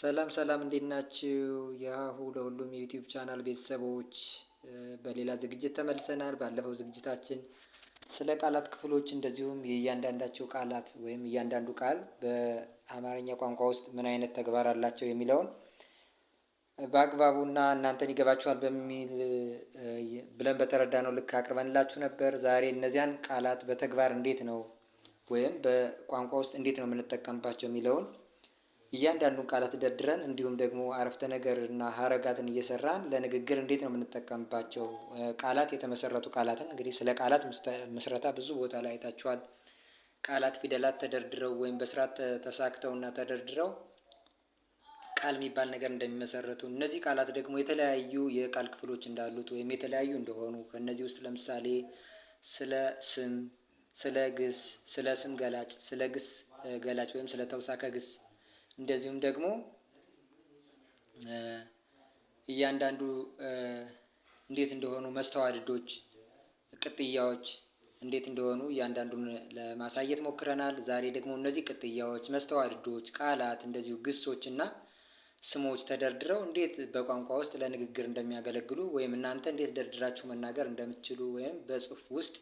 ሰላም ሰላም፣ እንዴት ናችሁ? የሀሁ ለሁሉም የዩቲዩብ ቻናል ቤተሰቦች በሌላ ዝግጅት ተመልሰናል። ባለፈው ዝግጅታችን ስለ ቃላት ክፍሎች እንደዚሁም የእያንዳንዳቸው ቃላት ወይም እያንዳንዱ ቃል በአማርኛ ቋንቋ ውስጥ ምን አይነት ተግባር አላቸው የሚለውን በአግባቡና እናንተን ይገባችኋል በሚል ብለን በተረዳ ነው ልክ አቅርበንላችሁ ነበር። ዛሬ እነዚያን ቃላት በተግባር እንዴት ነው ወይም በቋንቋ ውስጥ እንዴት ነው የምንጠቀምባቸው የሚለውን እያንዳንዱን ቃላት ደርድረን እንዲሁም ደግሞ አረፍተ ነገር እና ሀረጋትን እየሰራን ለንግግር እንዴት ነው የምንጠቀምባቸው ቃላት የተመሰረቱ ቃላትን እንግዲህ ስለ ቃላት ምስረታ ብዙ ቦታ ላይ አይታችኋል። ቃላት ፊደላት ተደርድረው ወይም በስርዓት ተሳክተውና ተደርድረው ቃል የሚባል ነገር እንደሚመሰረቱ እነዚህ ቃላት ደግሞ የተለያዩ የቃል ክፍሎች እንዳሉት ወይም የተለያዩ እንደሆኑ ከእነዚህ ውስጥ ለምሳሌ ስለ ስም፣ ስለ ግስ፣ ስለ ስም ገላጭ፣ ስለ ግስ ገላጭ ወይም ስለ ተውሳከ ግስ እንደዚሁም ደግሞ እያንዳንዱ እንዴት እንደሆኑ መስተዋድዶች፣ ቅጥያዎች እንዴት እንደሆኑ እያንዳንዱን ለማሳየት ሞክረናል። ዛሬ ደግሞ እነዚህ ቅጥያዎች፣ መስተዋድዶች፣ ቃላት እንደዚሁ ግሶች እና ስሞች ተደርድረው እንዴት በቋንቋ ውስጥ ለንግግር እንደሚያገለግሉ ወይም እናንተ እንዴት ደርድራችሁ መናገር እንደምትችሉ ወይም በጽሁፍ ውስጥ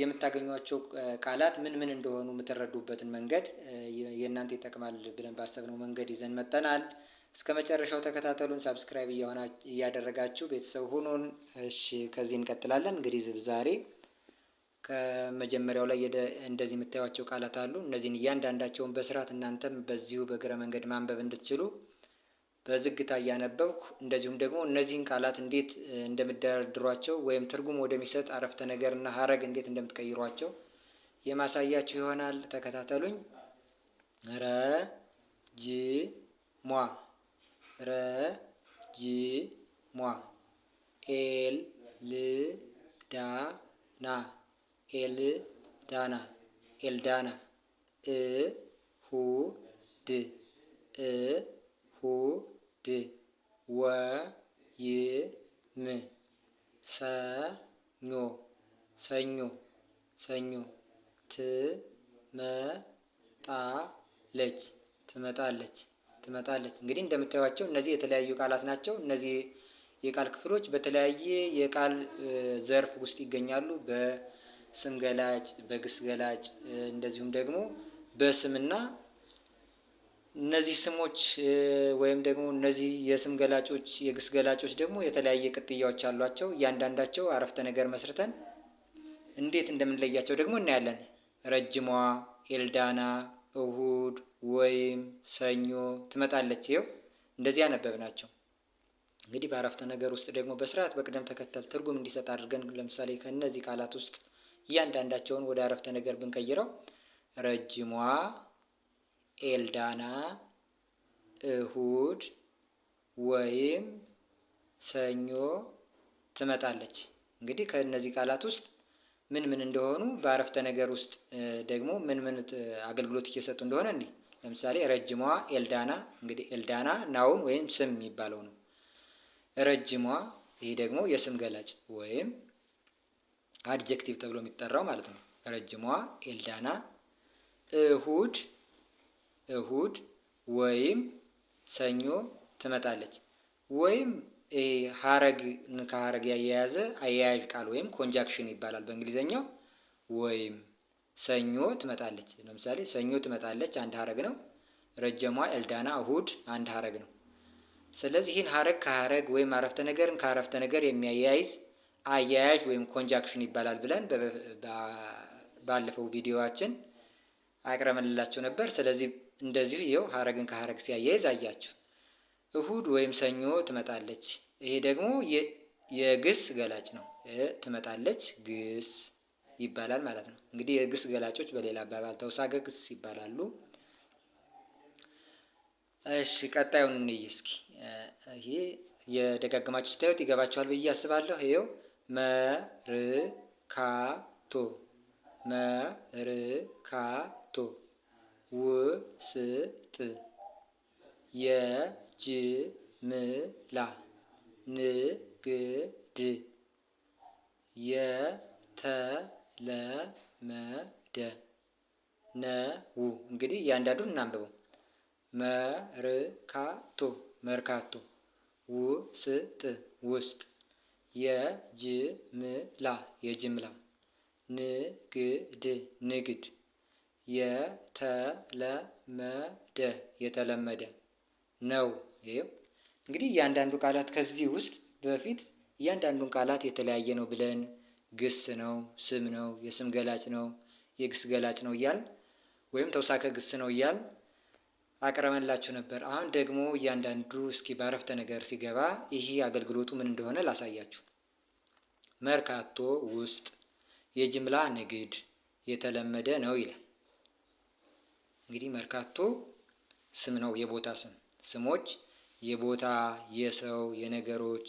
የምታገኟቸው ቃላት ምን ምን እንደሆኑ የምትረዱበትን መንገድ የእናንተ ይጠቅማል ብለን ባሰብነው መንገድ ይዘን መጥተናል። እስከ መጨረሻው ተከታተሉን። ሳብስክራይብ እያደረጋችሁ ቤተሰብ ሁኑን። እሺ፣ ከዚህ እንቀጥላለን። እንግዲህ ዛሬ ከመጀመሪያው ላይ እንደዚህ የምታዩቸው ቃላት አሉ። እነዚህን እያንዳንዳቸውን በስርዓት እናንተም በዚሁ በእግረ መንገድ ማንበብ እንድትችሉ በዝግታ እያነበብኩ እንደዚሁም ደግሞ እነዚህን ቃላት እንዴት እንደምደረድሯቸው ወይም ትርጉም ወደሚሰጥ አረፍተ ነገር እና ሀረግ እንዴት እንደምትቀይሯቸው የማሳያችሁ ይሆናል። ተከታተሉኝ። ረጅሟ ረጅሟ ኤል ዳና እ ሁ ድ እ ሁ ድ ወ ይ ም ሰ ኞ ሰኞ ሰኞ ት መ ጣ ለች ትመጣለች ትመጣለች እንግዲህ እንደምታዩቸው እነዚህ የተለያዩ ቃላት ናቸው። እነዚህ የቃል ክፍሎች በተለያየ የቃል ዘርፍ ውስጥ ይገኛሉ። በስም ገላጭ፣ በግስ ገላጭ እንደዚሁም ደግሞ በስምና እነዚህ ስሞች ወይም ደግሞ እነዚህ የስም ገላጮች የግስ ገላጮች ደግሞ የተለያየ ቅጥያዎች አሏቸው። እያንዳንዳቸው አረፍተ ነገር መስርተን እንዴት እንደምንለያቸው ደግሞ እናያለን። ረጅሟ ኤልዳና እሁድ ወይም ሰኞ ትመጣለች። ይኸው እንደዚህ ያነበብናቸው። እንግዲህ በአረፍተ ነገር ውስጥ ደግሞ በስርዓት በቅደም ተከተል ትርጉም እንዲሰጥ አድርገን ለምሳሌ ከእነዚህ ቃላት ውስጥ እያንዳንዳቸውን ወደ አረፍተ ነገር ብንቀይረው ረጅሟ ኤልዳና እሁድ ወይም ሰኞ ትመጣለች። እንግዲህ ከእነዚህ ቃላት ውስጥ ምን ምን እንደሆኑ በአረፍተ ነገር ውስጥ ደግሞ ምን ምን አገልግሎት እየሰጡ እንደሆነ እንዲህ ለምሳሌ ረጅሟ ኤልዳና እንግዲህ ኤልዳና ናውን ወይም ስም የሚባለው ነው። ረጅሟ ይሄ ደግሞ የስም ገላጭ ወይም አድጀክቲቭ ተብሎ የሚጠራው ማለት ነው። ረጅሟ ኤልዳና እሁድ እሁድ ወይም ሰኞ ትመጣለች። ወይም ይሄ ከሀረግ ያያያዘ አያያዥ ቃል ወይም ኮንጃክሽን ይባላል በእንግሊዘኛው። ወይም ሰኞ ትመጣለች። ለምሳሌ ሰኞ ትመጣለች አንድ ሀረግ ነው። ረጀሟ ኤልዳና እሁድ አንድ ሀረግ ነው። ስለዚህ ይህን ሀረግ ከሀረግ ወይም አረፍተ ነገርን ከአረፍተ ነገር የሚያያይዝ አያያዥ ወይም ኮንጃክሽን ይባላል ብለን ባለፈው ቪዲዮዋችን አቅረመንላቸው ነበር። ስለዚህ እንደዚሁ ይኸው ሀረግን ከሀረግ ሲያያይዝ አያችሁ። እሁድ ወይም ሰኞ ትመጣለች። ይሄ ደግሞ የግስ ገላጭ ነው። ትመጣለች ግስ ይባላል ማለት ነው። እንግዲህ የግስ ገላጮች በሌላ አባባል ተውሳከ ግስ ይባላሉ። እሺ ቀጣዩን እንይ እስኪ። ይሄ የደጋግማችሁ ስታዩት ይገባችኋል ብዬ አስባለሁ። ይኸው መርካቶ መርካቶ ውስጥ የጅምላ ንግድ የተለመደ ነው። እንግዲህ እያንዳንዱን እናንብበው። መርካቶ መርካቶ ውስጥ ውስጥ የጅምላ የጅምላ ንግድ ንግድ የተለመደ የተለመደ ነው። ይኸው እንግዲህ እያንዳንዱ ቃላት ከዚህ ውስጥ በፊት እያንዳንዱን ቃላት የተለያየ ነው ብለን ግስ ነው፣ ስም ነው፣ የስም ገላጭ ነው፣ የግስ ገላጭ ነው እያል ወይም ተውሳከ ግስ ነው እያል አቅረበላችሁ ነበር። አሁን ደግሞ እያንዳንዱ እስኪ ባረፍተ ነገር ሲገባ ይህ አገልግሎቱ ምን እንደሆነ ላሳያችሁ። መርካቶ ውስጥ የጅምላ ንግድ የተለመደ ነው ይላል። እንግዲህ መርካቶ ስም ነው፣ የቦታ ስም። ስሞች የቦታ የሰው የነገሮች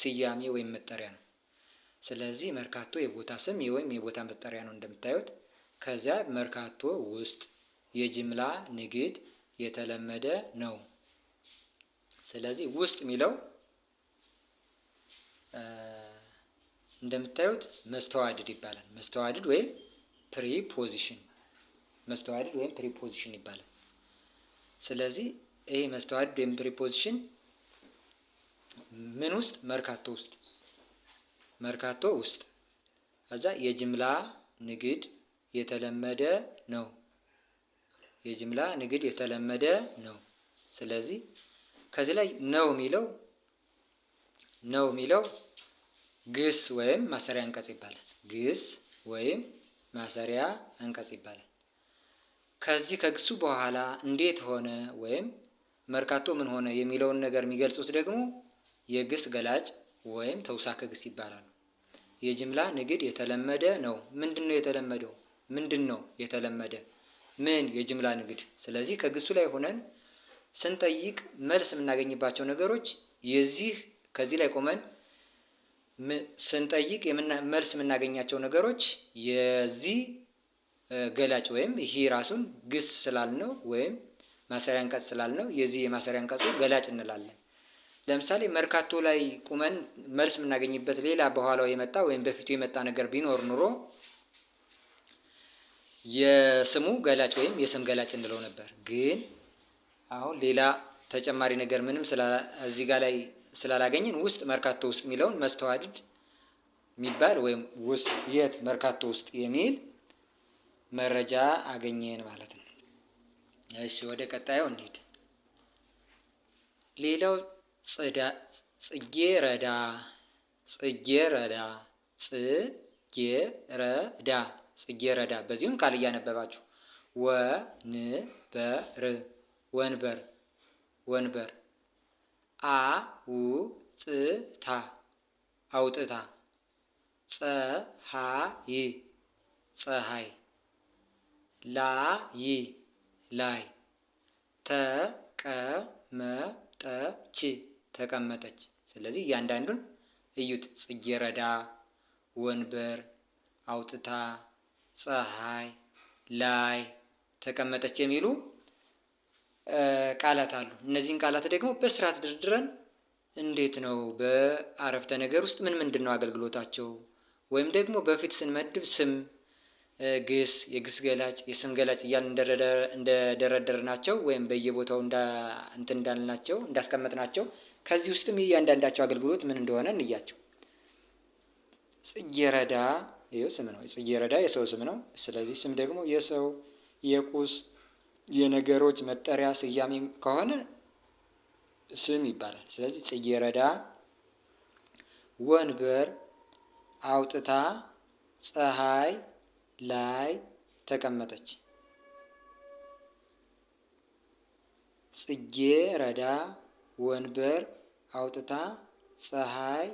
ስያሜ ወይም መጠሪያ ነው። ስለዚህ መርካቶ የቦታ ስም ወይም የቦታ መጠሪያ ነው እንደምታዩት። ከዚያ መርካቶ ውስጥ የጅምላ ንግድ የተለመደ ነው። ስለዚህ ውስጥ የሚለው እንደምታዩት መስተዋድድ ይባላል። መስተዋድድ ወይም ፕሪፖዚሽን መስተዋድድ ወይም ፕሪፖዚሽን ይባላል። ስለዚህ ይሄ መስተዋድድ ወይም ፕሪፖዚሽን ምን ውስጥ መርካቶ ውስጥ መርካቶ ውስጥ ከዛ የጅምላ ንግድ የተለመደ ነው። የጅምላ ንግድ የተለመደ ነው። ስለዚህ ከዚህ ላይ ነው የሚለው ነው የሚለው ግስ ወይም ማሰሪያ አንቀጽ ይባላል። ግስ ወይም ማሰሪያ አንቀጽ ይባላል። ከዚህ ከግሱ በኋላ እንዴት ሆነ ወይም መርካቶ ምን ሆነ የሚለውን ነገር የሚገልጹት ደግሞ የግስ ገላጭ ወይም ተውሳከ ግስ ይባላል። የጅምላ ንግድ የተለመደ ነው። ምንድን ነው የተለመደው? ምንድን ነው የተለመደ? ምን? የጅምላ ንግድ። ስለዚህ ከግሱ ላይ ሆነን ስንጠይቅ መልስ የምናገኝባቸው ነገሮች የዚህ ከዚህ ላይ ቆመን ስንጠይቅ መልስ የምናገኛቸው ነገሮች የዚህ ገላጭ ወይም ይሄ ራሱን ግስ ስላልነው ወይም ማሰሪያ አንቀጽ ስላልነው የዚህ የማሰሪያ አንቀጹ ገላጭ እንላለን። ለምሳሌ መርካቶ ላይ ቁመን መልስ የምናገኝበት ሌላ በኋላው የመጣ ወይም በፊቱ የመጣ ነገር ቢኖር ኑሮ የስሙ ገላጭ ወይም የስም ገላጭ እንለው ነበር። ግን አሁን ሌላ ተጨማሪ ነገር ምንም እዚህ ጋር ላይ ስላላገኘን ውስጥ መርካቶ ውስጥ የሚለውን መስተዋድድ የሚባል ወይም ውስጥ የት መርካቶ ውስጥ የሚል መረጃ አገኘን ማለት ነው። እሺ ወደ ቀጣዩ እንሂድ። ሌላው ጽዳ ጽጌ ረዳ ጽጌ ረዳ ጽጌ ረዳ ጽጌ ረዳ በዚሁም ቃል እያነበባችሁ ወንበር ወንበር ወንበር አውጥታ አውጥታ ፀሐይ ፀሐይ ላይ ላይ ተቀመጠች ተቀመጠች። ስለዚህ እያንዳንዱን እዩት። ጽጌረዳ፣ ወንበር፣ አውጥታ፣ ፀሐይ፣ ላይ፣ ተቀመጠች የሚሉ ቃላት አሉ። እነዚህን ቃላት ደግሞ በስርዓት ድርድረን እንዴት ነው በአረፍተ ነገር ውስጥ ምን ምንድን ነው አገልግሎታቸው ወይም ደግሞ በፊት ስንመድብ ስም ግስ፣ የግስ ገላጭ፣ የስም ገላጭ እያል እንደደረደር ናቸው ወይም በየቦታው እንትን ናቸው እንዳስቀመጥ ናቸው። ከዚህ ውስጥም የእያንዳንዳቸው አገልግሎት ምን እንደሆነ እንያቸው። ጽጌረዳ ይኸው ስም ነው። ጽጌረዳ የሰው ስም ነው። ስለዚህ ስም ደግሞ የሰው የቁስ የነገሮች መጠሪያ ስያሜ ከሆነ ስም ይባላል። ስለዚህ ጽጌረዳ ወንበር አውጥታ ፀሐይ ላይ ተቀመጠች። ጽጌ ረዳ ወንበር አውጥታ ፀሐይ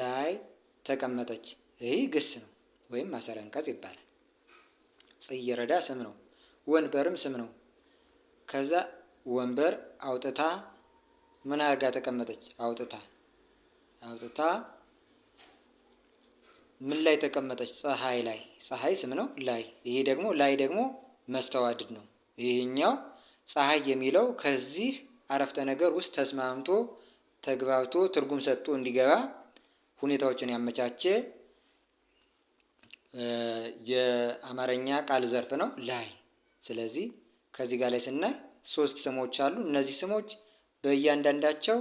ላይ ተቀመጠች። ይህ ግስ ነው ወይም ማሰሪያ አንቀጽ ይባላል። ጽጌ ረዳ ስም ነው፣ ወንበርም ስም ነው። ከዛ ወንበር አውጥታ ምን አድርጋ ተቀመጠች? አውጥታ አውጥታ ምን ላይ ተቀመጠች? ፀሐይ ላይ። ፀሐይ ስም ነው ላይ። ይሄ ደግሞ ላይ ደግሞ መስተዋድድ ነው። ይህኛው ፀሐይ የሚለው ከዚህ አረፍተ ነገር ውስጥ ተስማምቶ ተግባብቶ ትርጉም ሰጥቶ እንዲገባ ሁኔታዎችን ያመቻቸ የአማርኛ ቃል ዘርፍ ነው ላይ። ስለዚህ ከዚህ ጋር ላይ ስናይ ሶስት ስሞች አሉ። እነዚህ ስሞች በእያንዳንዳቸው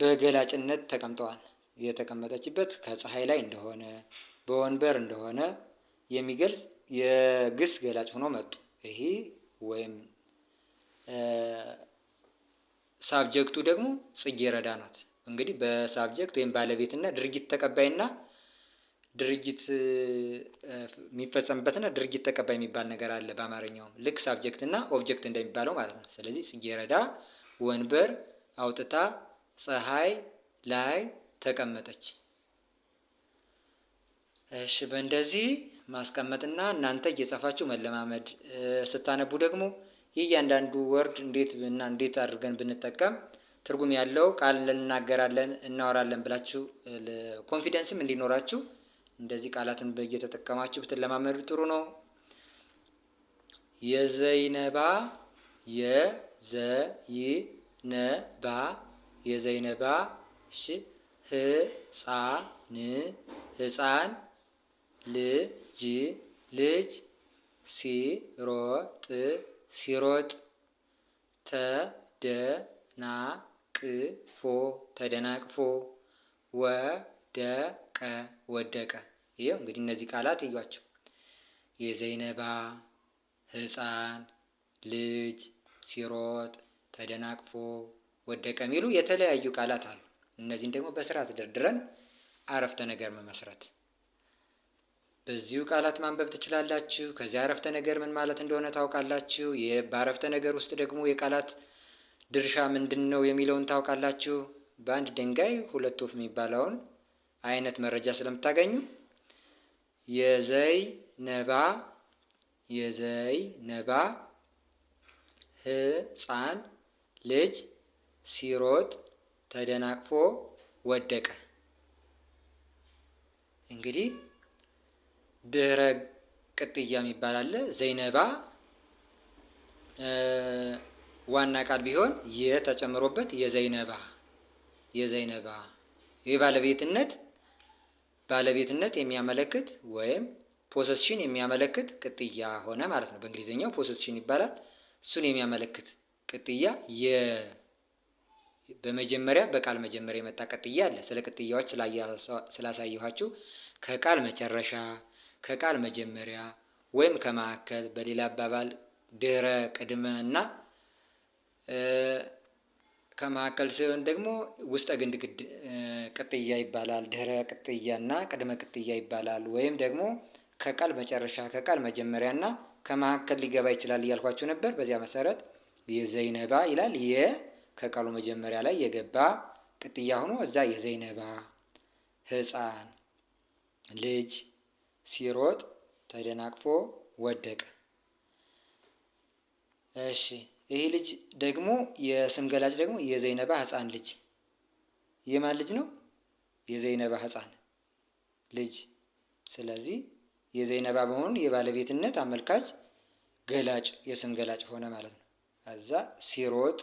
በገላጭነት ተቀምጠዋል። የተቀመጠችበት ከፀሐይ ላይ እንደሆነ በወንበር እንደሆነ የሚገልጽ የግስ ገላጭ ሆኖ መጡ። ይሄ ወይም ሳብጀክቱ ደግሞ ጽጌረዳ ናት። እንግዲህ በሳብጀክት ወይም ባለቤትና ድርጊት ተቀባይና ድርጊት የሚፈጸምበትና ድርጊት ተቀባይ የሚባል ነገር አለ በአማርኛውም ልክ ሳብጀክት ና ኦብጀክት እንደሚባለው ማለት ነው። ስለዚህ ጽጌረዳ ወንበር አውጥታ ፀሐይ ላይ ተቀመጠች። እሺ በእንደዚህ ማስቀመጥና እናንተ እየጻፋችሁ መለማመድ ስታነቡ ደግሞ እያንዳንዱ ወርድ እንዴት እና እንዴት አድርገን ብንጠቀም ትርጉም ያለው ቃል እንናገራለን እናወራለን ብላችሁ ኮንፊደንስም እንዲኖራችሁ እንደዚህ ቃላትን እየተጠቀማችሁ ብትለማመዱ ጥሩ ነው። የዘይነባ የዘይነባ የዘይነባ እሺ ህፃን ህፃን ልጅ ልጅ ሲሮጥ ሲሮጥ ተደናቅፎ ተደናቅፎ ወደቀ ወደቀ። ይኸው እንግዲህ እነዚህ ቃላት እዩዋቸው። የዘይነባ ህፃን ልጅ ሲሮጥ ተደናቅፎ ወደቀ የሚሉ የተለያዩ ቃላት አሉ። እነዚህን ደግሞ በስርዓት ደርድረን አረፍተ ነገር መመስረት። በዚሁ ቃላት ማንበብ ትችላላችሁ። ከዚያ አረፍተ ነገር ምን ማለት እንደሆነ ታውቃላችሁ። በአረፍተ ነገር ውስጥ ደግሞ የቃላት ድርሻ ምንድን ነው የሚለውን ታውቃላችሁ። በአንድ ድንጋይ ሁለት ወፍ የሚባለውን አይነት መረጃ ስለምታገኙ የዘይ ነባ የዘይ ነባ ህፃን ልጅ ሲሮጥ ተደናቅፎ ወደቀ። እንግዲህ ድህረ ቅጥያ የሚባል አለ። ዘይነባ ዋና ቃል ቢሆን የተጨምሮበት የዘይነባ የዘይነባ የባለቤትነት ባለቤትነት ባለቤትነት የሚያመለክት ወይም ፖሰስሽን የሚያመለክት ቅጥያ ሆነ ማለት ነው። በእንግሊዝኛው ፖሰስሽን ይባላል። እሱን የሚያመለክት ቅጥያ የ በመጀመሪያ በቃል መጀመሪያ የመጣ ቅጥያ አለ። ስለ ቅጥያዎች ስላሳየኋችሁ ከቃል መጨረሻ፣ ከቃል መጀመሪያ ወይም ከማዕከል በሌላ አባባል ድህረ፣ ቅድመ እና ከማዕከል ሲሆን ደግሞ ውስጠ ግንድ ቅጥያ ይባላል። ድረ ቅጥያ እና ቅድመ ቅጥያ ይባላል። ወይም ደግሞ ከቃል መጨረሻ፣ ከቃል መጀመሪያ እና ከማዕከል ሊገባ ይችላል እያልኳችሁ ነበር። በዚያ መሰረት የዘይነባ ይላል የ ከቃሉ መጀመሪያ ላይ የገባ ቅጥያ ሆኖ እዛ የዘይነባ ህፃን ልጅ ሲሮጥ ተደናቅፎ ወደቀ። እሺ ይህ ልጅ ደግሞ የስም ገላጭ ደግሞ የዘይነባ ህፃን ልጅ የማን ልጅ ነው? የዘይነባ ህፃን ልጅ። ስለዚህ የዘይነባ በመሆኑ የባለቤትነት አመልካች ገላጭ የስም ገላጭ ሆነ ማለት ነው። እዛ ሲሮጥ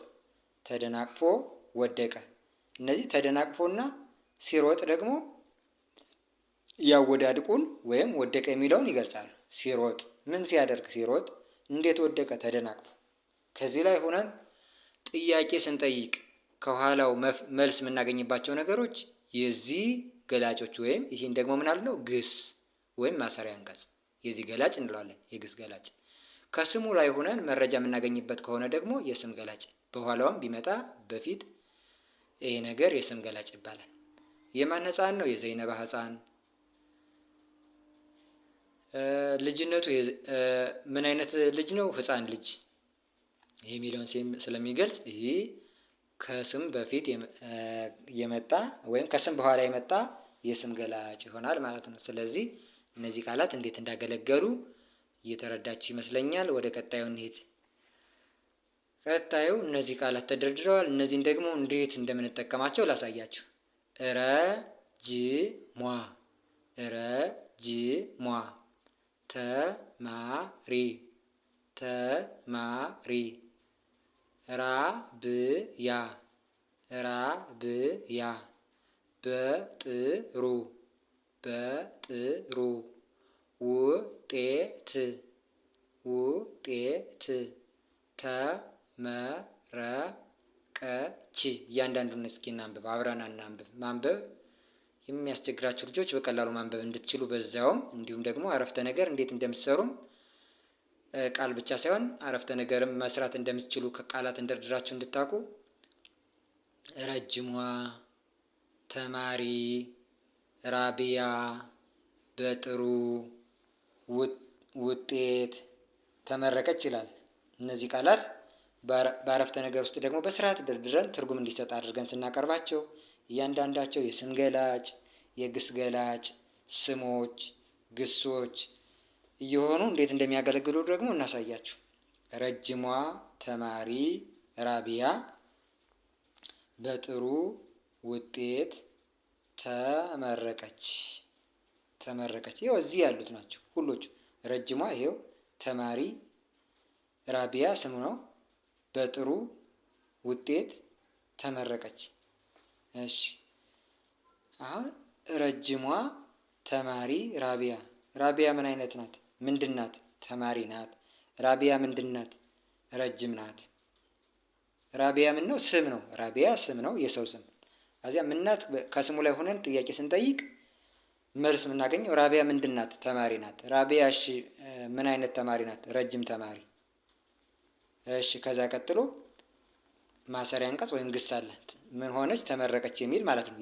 ተደናቅፎ ወደቀ። እነዚህ ተደናቅፎና ሲሮጥ ደግሞ ያወዳድቁን ወይም ወደቀ የሚለውን ይገልጻሉ። ሲሮጥ ምን ሲያደርግ ሲሮጥ፣ እንዴት ወደቀ? ተደናቅፎ። ከዚህ ላይ ሆነን ጥያቄ ስንጠይቅ ከኋላው መልስ የምናገኝባቸው ነገሮች የዚህ ገላጮች ወይም ይህን ደግሞ ምን ግስ ወይም ማሰሪያ አንቀጽ የዚህ ገላጭ እንለዋለን። የግስ ገላጭ ከስሙ ላይ ሆነን መረጃ የምናገኝበት ከሆነ ደግሞ የስም ገላጭ በኋላውም ቢመጣ በፊት ይሄ ነገር የስም ገላጭ ይባላል። የማን ህፃን ነው? የዘይነባ ህፃን ልጅነቱ ምን አይነት ልጅ ነው? ህፃን ልጅ የሚለውን ስለሚገልጽ ይህ ከስም በፊት የመጣ ወይም ከስም በኋላ የመጣ የስም ገላጭ ይሆናል ማለት ነው። ስለዚህ እነዚህ ቃላት እንዴት እንዳገለገሉ እየተረዳችሁ ይመስለኛል። ወደ ቀጣዩ እንሄድ ቀጣዩ እነዚህ ቃላት ተደርድረዋል። እነዚህን ደግሞ እንዴት እንደምንጠቀማቸው ላሳያችሁ። ረጅሟ ረጅሟ፣ ተማሪ ተማሪ፣ ራብያ ራብያ፣ በጥሩ በጥሩ፣ ውጤት ውጤት፣ ተ መረቀች እያንዳንዱን እስኪ እናንብብ፣ አብረን እናንብብ። ማንበብ የሚያስቸግራቸው ልጆች በቀላሉ ማንበብ እንድትችሉ በዛውም፣ እንዲሁም ደግሞ አረፍተ ነገር እንዴት እንደምትሰሩም ቃል ብቻ ሳይሆን አረፍተ ነገርም መስራት እንደምትችሉ ከቃላት እንደርድራችሁ እንድታውቁ ረጅሟ፣ ተማሪ፣ ራቢያ፣ በጥሩ ውጤት፣ ተመረቀች ይላል እነዚህ ቃላት በአረፍተ ነገር ውስጥ ደግሞ በስርዓት ደርድረን ትርጉም እንዲሰጥ አድርገን ስናቀርባቸው እያንዳንዳቸው የስም ገላጭ፣ የግስ ገላጭ፣ ስሞች፣ ግሶች እየሆኑ እንዴት እንደሚያገለግሉ ደግሞ እናሳያችሁ። ረጅሟ ተማሪ ራቢያ በጥሩ ውጤት ተመረቀች። ተመረቀች ይኸው እዚህ ያሉት ናቸው ሁሎቹ። ረጅሟ ይሄው ተማሪ ራቢያ ስም ነው። በጥሩ ውጤት ተመረቀች። እሺ አሁን ረጅሟ ተማሪ ራቢያ ራቢያ ምን አይነት ናት? ምንድን ናት? ተማሪ ናት። ራቢያ ምንድን ናት? ረጅም ናት። ራቢያ ምን ነው? ስም ነው። ራቢያ ስም ነው፣ የሰው ስም። ከዚያ ምናት ናት? ከስሙ ላይ ሆነን ጥያቄ ስንጠይቅ መልስ የምናገኘው ራቢያ ምንድን ናት? ተማሪ ናት። ራቢያ እሺ ምን አይነት ተማሪ ናት? ረጅም ተማሪ እሺ ከዛ ቀጥሎ ማሰሪያ አንቀጽ ወይም ግስ አለ። ምን ሆነች ተመረቀች የሚል ማለት ነው።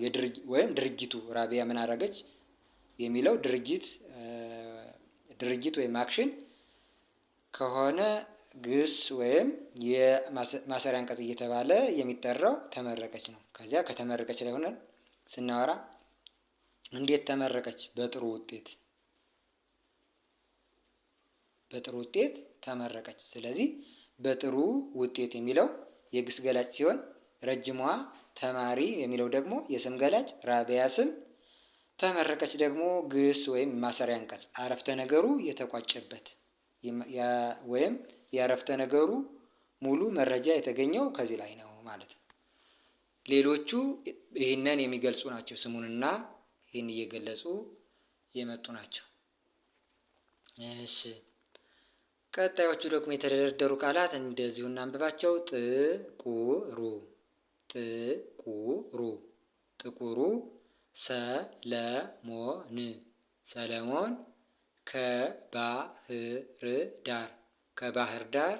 ወይም ድርጊቱ ራቢያ ምን አደረገች የሚለው ድርጊት ድርጊት ወይም አክሽን ከሆነ ግስ ወይም የማሰሪያ አንቀጽ እየተባለ የሚጠራው ተመረቀች ነው። ከዚያ ከተመረቀች ላይ ሆነን ስናወራ እንዴት ተመረቀች? በጥሩ ውጤት በጥሩ ውጤት ተመረቀች። ስለዚህ በጥሩ ውጤት የሚለው የግስ ገላጭ ሲሆን ረጅሟ ተማሪ የሚለው ደግሞ የስም ገላጭ ራቢያ ስም፣ ተመረቀች ደግሞ ግስ ወይም ማሰሪያ አንቀጽ አረፍተ ነገሩ የተቋጨበት ወይም የአረፍተ ነገሩ ሙሉ መረጃ የተገኘው ከዚህ ላይ ነው ማለት ነው። ሌሎቹ ይህንን የሚገልጹ ናቸው። ስሙንና ይህን እየገለጹ የመጡ ናቸው። እሺ ቀጣዮቹ ደግሞ የተደረደሩ ቃላት እንደዚሁ እናንብባቸው። ጥቁሩ ጥቁሩ ጥቁሩ ሰለሞን ሰለሞን ከባህር ዳር ከባህር ዳር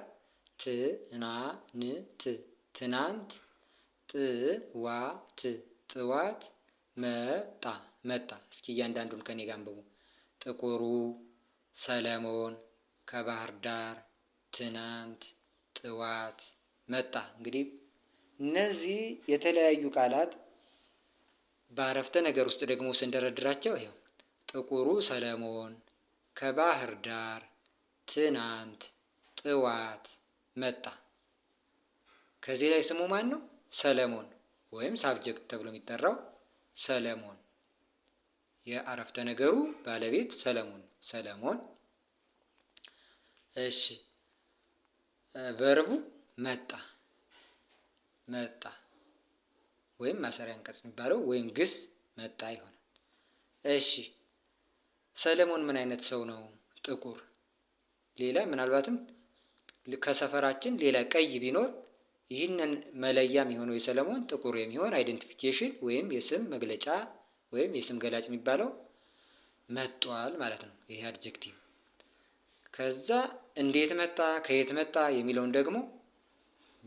ትናንት ትናንት ጥዋት ጥዋት መጣ መጣ። እስኪ እያንዳንዱን ከኔ ጋር አንብቡ። ጥቁሩ ሰለሞን ከባህር ዳር ትናንት፣ ጥዋት፣ መጣ። እንግዲህ እነዚህ የተለያዩ ቃላት በአረፍተ ነገር ውስጥ ደግሞ ስንደረድራቸው ይኸው ጥቁሩ ሰለሞን ከባህር ዳር ትናንት ጥዋት መጣ። ከዚህ ላይ ስሙ ማን ነው? ሰለሞን ወይም ሳብጀክት ተብሎ የሚጠራው ሰለሞን። የአረፍተ ነገሩ ባለቤት ሰለሞን ሰለሞን እሺ ቨርቡ መጣ መጣ ወይም ማሰሪያ አንቀጽ የሚባለው ወይም ግስ መጣ ይሆናል። እሺ ሰለሞን ምን አይነት ሰው ነው? ጥቁር። ሌላ ምናልባትም ከሰፈራችን ሌላ ቀይ ቢኖር ይህንን መለያ የሚሆነው የሰለሞን ጥቁር የሚሆን አይደንቲፊኬሽን ወይም የስም መግለጫ ወይም የስም ገላጭ የሚባለው መጧል ማለት ነው። ይሄ አድጀክቲቭ ከዛ እንዴት መጣ፣ ከየት መጣ የሚለውን ደግሞ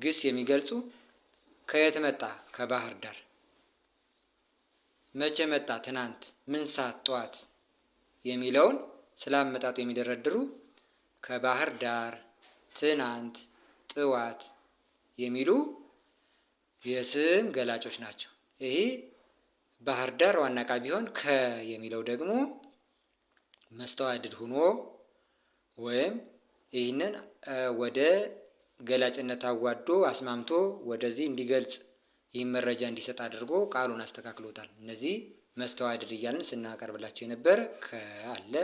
ግስ የሚገልጹ ከየት መጣ፣ ከባህር ዳር። መቼ መጣ፣ ትናንት። ምን ሰዓት፣ ጠዋት የሚለውን ስለ አመጣጡ የሚደረድሩ ከባህር ዳር፣ ትናንት፣ ጥዋት የሚሉ የስም ገላጮች ናቸው። ይሄ ባህር ዳር ዋና ቃል ቢሆን ከ የሚለው ደግሞ መስተዋድድ ሆኖ ወይም ይህንን ወደ ገላጭነት አዋዶ አስማምቶ ወደዚህ እንዲገልጽ ይህም መረጃ እንዲሰጥ አድርጎ ቃሉን አስተካክሎታል። እነዚህ መስተዋድድ እያልን ስናቀርብላቸው የነበር ከአለ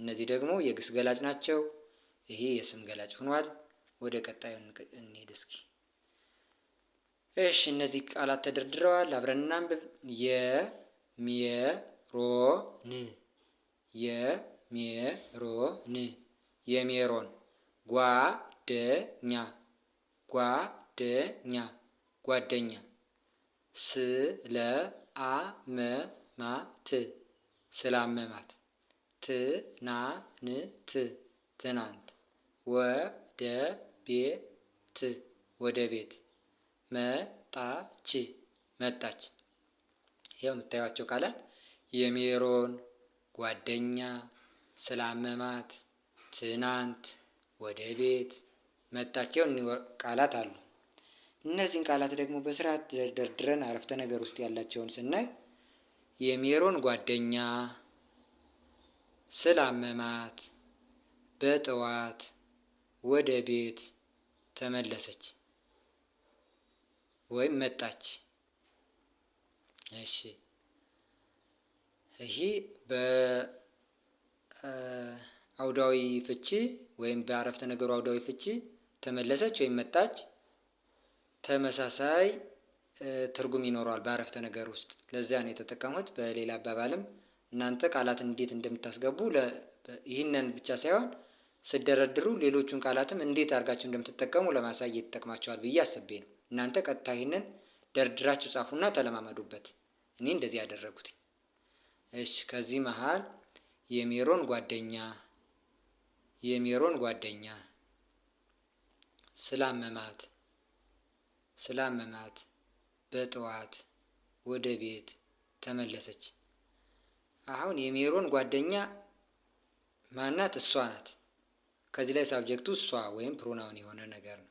እነዚህ ደግሞ የግስ ገላጭ ናቸው። ይሄ የስም ገላጭ ሆኗል። ወደ ቀጣዩ እንሄድ እስኪ። እሽ እነዚህ ቃላት ተደርድረዋል። አብረን እናንብብ። የ ሜሮን የሜሮን ጓደኛ ጓደኛ ጓደኛ ስለ አመማት ስላመማት ትናንት ትናንት ወደ ቤት ወደ ቤት መጣች መጣች ይኸው የምታዩቸው ቃላት የሜሮን ጓደኛ ስላመማት ትናንት ወደ ቤት መጣቸው ቃላት አሉ። እነዚህን ቃላት ደግሞ በስርዓት ደርድረን አረፍተ ነገር ውስጥ ያላቸውን ስናይ የሜሮን ጓደኛ ስላመማት በጠዋት ወደ ቤት ተመለሰች ወይም መጣች። እሺ ይሄ በ አውዳዊ ፍቺ ወይም በአረፍተ ነገሩ አውዳዊ ፍቺ ተመለሰች ወይም መጣች ተመሳሳይ ትርጉም ይኖረዋል በአረፍተ ነገር ውስጥ። ለዚያ ነው የተጠቀሙት። በሌላ አባባልም እናንተ ቃላትን እንዴት እንደምታስገቡ ይህንን ብቻ ሳይሆን ስደረድሩ ሌሎቹን ቃላትም እንዴት አድርጋችሁ እንደምትጠቀሙ ለማሳየት ይጠቅማቸዋል ብዬ አስቤ ነው። እናንተ ቀጥታ ይህንን ደርድራችሁ ጻፉና ተለማመዱበት። እኔ እንደዚህ ያደረጉት። እሺ ከዚህ መሀል የሜሮን ጓደኛ የሜሮን ጓደኛ ስላመማት ስላመማት በጠዋት ወደ ቤት ተመለሰች። አሁን የሜሮን ጓደኛ ማናት? እሷ ናት። ከዚህ ላይ ሳብጀክቱ እሷ ወይም ፕሮናውን የሆነ ነገር ነው።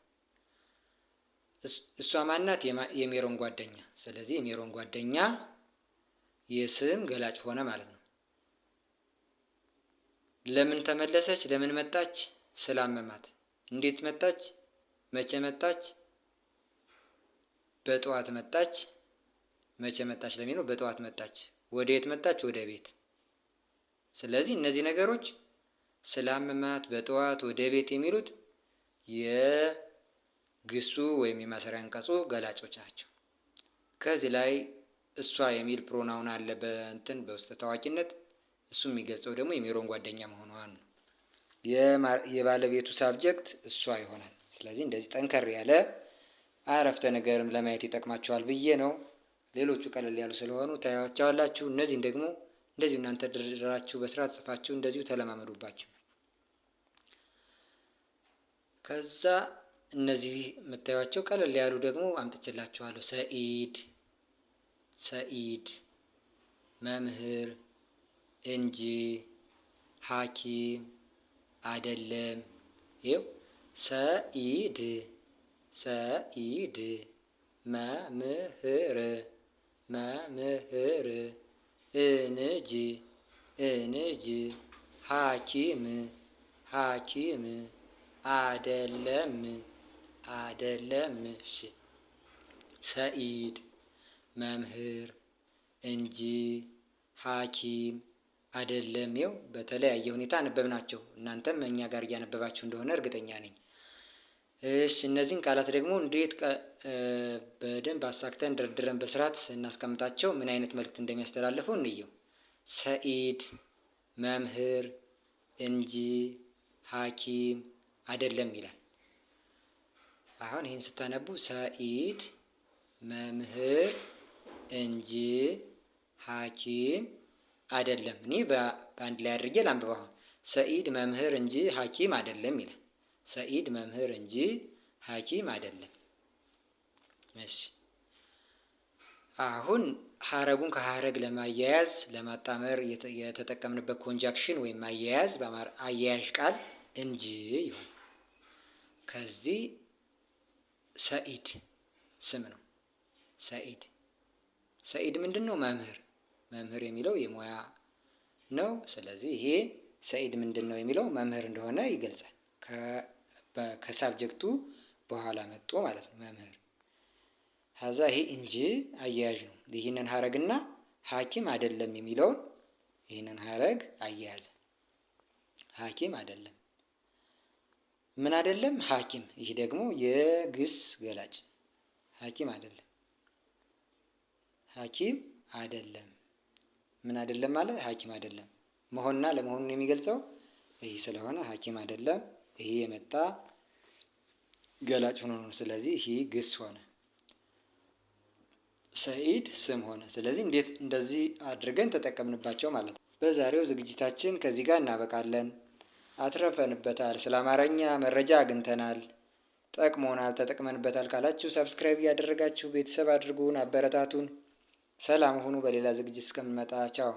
እሷ ማናት? የሜሮን ጓደኛ። ስለዚህ የሜሮን ጓደኛ የስም ገላጭ ሆነ ማለት ነው። ለምን ተመለሰች? ለምን መጣች? ስላመማት። እንዴት መጣች? መቼ መጣች? በጠዋት መጣች። መቼ መጣች ለሚለው በጠዋት መጣች። ወደ የት መጣች? ወደ ቤት። ስለዚህ እነዚህ ነገሮች ስላመማት፣ በጠዋት፣ ወደ ቤት የሚሉት የግሱ ወይም የማሰሪያ አንቀጹ ገላጮች ናቸው። ከዚህ ላይ እሷ የሚል ፕሮናውን አለ በእንትን በውስጥ ታዋቂነት እሱ የሚገልጸው ደግሞ የሜሮን ጓደኛ መሆኗን ነው። የባለቤቱ ሳብጀክት እሷ ይሆናል። ስለዚህ እንደዚህ ጠንከር ያለ አረፍተ ነገርም ለማየት ይጠቅማቸዋል ብዬ ነው። ሌሎቹ ቀለል ያሉ ስለሆኑ ታያቸዋላችሁ። እነዚህን ደግሞ እንደዚሁ እናንተ ድርድራችሁ በስርዓት ጽፋችሁ እንደዚሁ ተለማመዱባቸው። ከዛ እነዚህ የምታዩቸው ቀለል ያሉ ደግሞ አምጥቼላችኋለሁ። ሰኢድ ሰኢድ መምህር እንጂ ሐኪም አይደለም። ይው ሰኢድ ሰኢድ መምህር መምህር እንጂ እንጂ ሐኪም ሐኪም አይደለም አይደለም። እሺ ሰኢድ መምህር እንጂ ሐኪም አይደለም። ይኸው በተለያየ ሁኔታ አነበብናቸው። እናንተም እኛ ጋር እያነበባችሁ እንደሆነ እርግጠኛ ነኝ። እሽ እነዚህን ቃላት ደግሞ እንዴት በደንብ አሳክተን ደርድረን በስርዓት እናስቀምጣቸው፣ ምን አይነት መልእክት እንደሚያስተላልፈው እንየው። ሰኢድ፣ መምህር እንጂ ሐኪም አይደለም ይላል። አሁን ይህን ስታነቡ ሰኢድ መምህር እንጂ ሐኪም አይደለም። እኔ በአንድ ላይ አድርጌ ላንብብ አሁን ሰኢድ መምህር እንጂ ሐኪም አይደለም ይላል። ሰኢድ መምህር እንጂ ሐኪም አይደለም። እሺ አሁን ሀረጉን ከሀረግ ለማያያዝ ለማጣመር የተጠቀምንበት ኮንጃክሽን ወይም አያያዝ አያያዥ ቃል እንጂ ይሆን። ከዚህ ሰኢድ ስም ነው። ሰኢድ ሰኢድ ምንድን ነው? መምህር መምህር የሚለው የሙያ ነው። ስለዚህ ይሄ ሰኢድ ምንድን ነው የሚለው መምህር እንደሆነ ይገልጻል። ከሳብጀክቱ በኋላ መጥቶ ማለት ነው መምህር ሀዛ ይሄ እንጂ አያያዥ ነው። ይህንን ሀረግና ሀኪም አይደለም የሚለውን ይህንን ሀረግ አያያዘ። ሀኪም አይደለም ምን አይደለም ሀኪም። ይህ ደግሞ የግስ ገላጭ ሀኪም አይደለም ሀኪም አይደለም ምን አይደለም ማለት ሐኪም አይደለም መሆንና ለመሆኑን የሚገልጸው ይህ ስለሆነ ሐኪም አይደለም። ይህ የመጣ ገላጭ ሆኖ ነው። ስለዚህ ይህ ግስ ሆነ። ሰኢድ ስም ሆነ። ስለዚህ እንዴት እንደዚህ አድርገን ተጠቀምንባቸው ማለት ነው። በዛሬው ዝግጅታችን ከዚህ ጋር እናበቃለን። አትረፈንበታል። ስለ አማርኛ መረጃ አግኝተናል፣ ጠቅሞናል፣ ተጠቅመንበታል ካላችሁ ሰብስክራይብ እያደረጋችሁ ቤተሰብ አድርጉን፣ አበረታቱን። ሰላም ሁኑ። በሌላ ዝግጅት እስከምንመጣ ቻው።